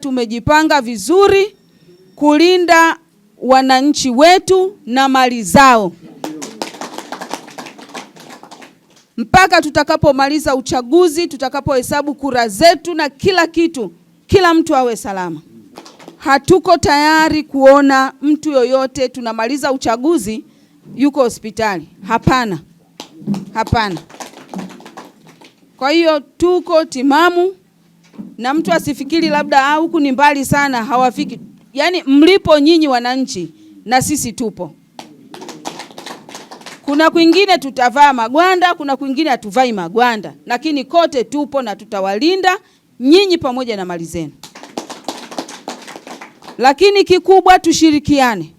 Tumejipanga vizuri kulinda wananchi wetu na mali zao mpaka tutakapomaliza uchaguzi, tutakapohesabu kura zetu na kila kitu, kila mtu awe salama. Hatuko tayari kuona mtu yoyote tunamaliza uchaguzi yuko hospitali. Hapana, hapana. Kwa hiyo tuko timamu na mtu asifikiri labda ah, huku ni mbali sana, hawafiki. Yaani mlipo nyinyi wananchi na sisi tupo. Kuna kwingine tutavaa magwanda, kuna kwingine hatuvai magwanda, lakini kote tupo na tutawalinda nyinyi pamoja na mali zenu. Lakini kikubwa tushirikiane.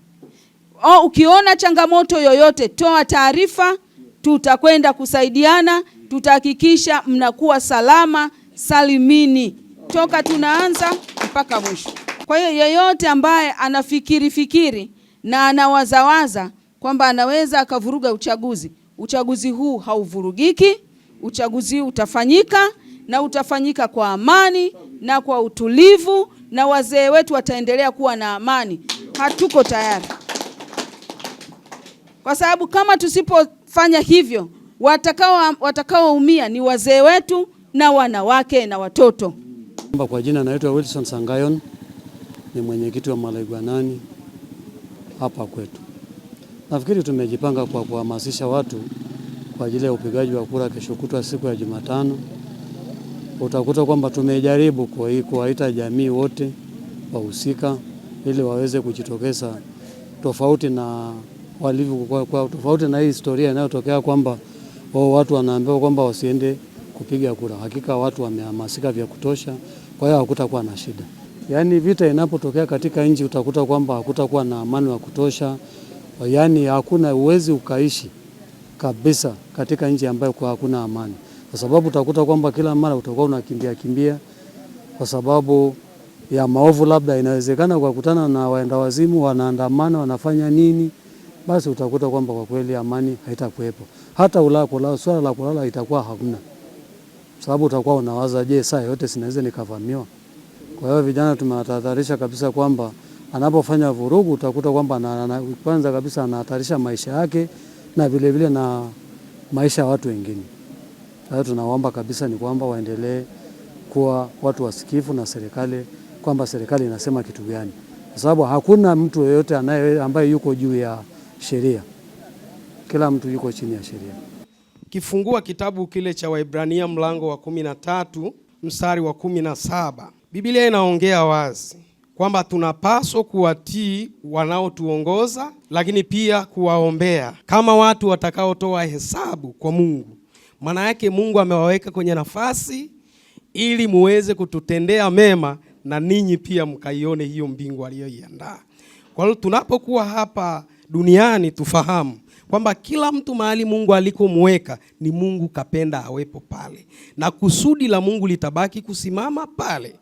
O, ukiona changamoto yoyote toa taarifa, tutakwenda kusaidiana, tutahakikisha mnakuwa salama salimini toka tunaanza mpaka mwisho. Kwa hiyo yeyote ambaye anafikiri fikiri na anawazawaza kwamba anaweza akavuruga uchaguzi, uchaguzi huu hauvurugiki. Uchaguzi huu utafanyika na utafanyika kwa amani na kwa utulivu, na wazee wetu wataendelea kuwa na amani. Hatuko tayari, kwa sababu kama tusipofanya hivyo, watakao watakaoumia ni wazee wetu na wanawake na watoto. Kwa jina naitwa Wilson Sangayon, ni mwenyekiti wa Malaigwanani hapa kwetu. Nafikiri tumejipanga kwa kuhamasisha watu kwa ajili ya upigaji wa kura kesho kutwa siku ya Jumatano. Utakuta kwamba tumejaribu kuwaita jamii wote wahusika ili waweze kujitokeza, tofauti na walivyo, tofauti na hii historia inayotokea kwamba wao watu wanaambiwa kwamba wasiende kupiga kura. Hakika watu wamehamasika vya kutosha, kwa hiyo hakutakuwa na shida. Yaani vita inapotokea katika nchi utakuta kwamba hakutakuwa na amani wa kutosha, yaani hakuna uwezi ukaishi kabisa katika nchi ambayo kwa hakuna amani, kwa sababu utakuta kwamba kila mara utakuwa unakimbia kimbia kwa sababu ya maovu, labda inawezekana kwa kutana na waenda wazimu, wanaandamana wanafanya nini, basi utakuta kwamba kwa kweli amani haitakuwepo, hata ulako la swala la kulala itakuwa hakuna sababu utakuwa unawaza, je, saa yote sinaweza nikavamiwa? Kwa hiyo vijana tumewatahadharisha kabisa kwamba anapofanya vurugu utakuta kwamba kwanza kabisa anahatarisha maisha yake na vilevile vile na maisha ya watu wengine. hiyo tunaomba kabisa ni kwamba waendelee kuwa watu wasikivu na serikali, kwamba serikali inasema kitu gani, kwa sababu hakuna mtu yeyote ambaye yuko juu ya sheria, kila mtu yuko chini ya sheria kifungua kitabu kile cha Waibrania mlango wa kumi na tatu mstari wa kumi na saba Biblia inaongea wazi kwamba tunapaswa kuwatii wanaotuongoza, lakini pia kuwaombea kama watu watakaotoa hesabu kwa Mungu. Maana yake Mungu amewaweka kwenye nafasi ili muweze kututendea mema na ninyi pia mkaione hiyo mbingu aliyoiandaa. Kwa hiyo tunapokuwa hapa duniani tufahamu kwamba kila mtu mahali Mungu alikomweka ni Mungu kapenda awepo pale, na kusudi la Mungu litabaki kusimama pale.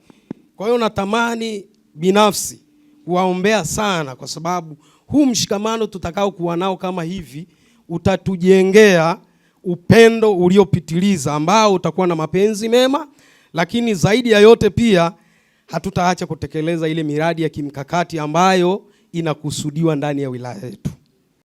Kwa hiyo natamani binafsi kuwaombea sana, kwa sababu huu mshikamano tutakao kuwa nao kama hivi utatujengea upendo uliopitiliza ambao utakuwa na mapenzi mema, lakini zaidi ya yote pia hatutaacha kutekeleza ile miradi ya kimkakati ambayo inakusudiwa ndani ya wilaya yetu.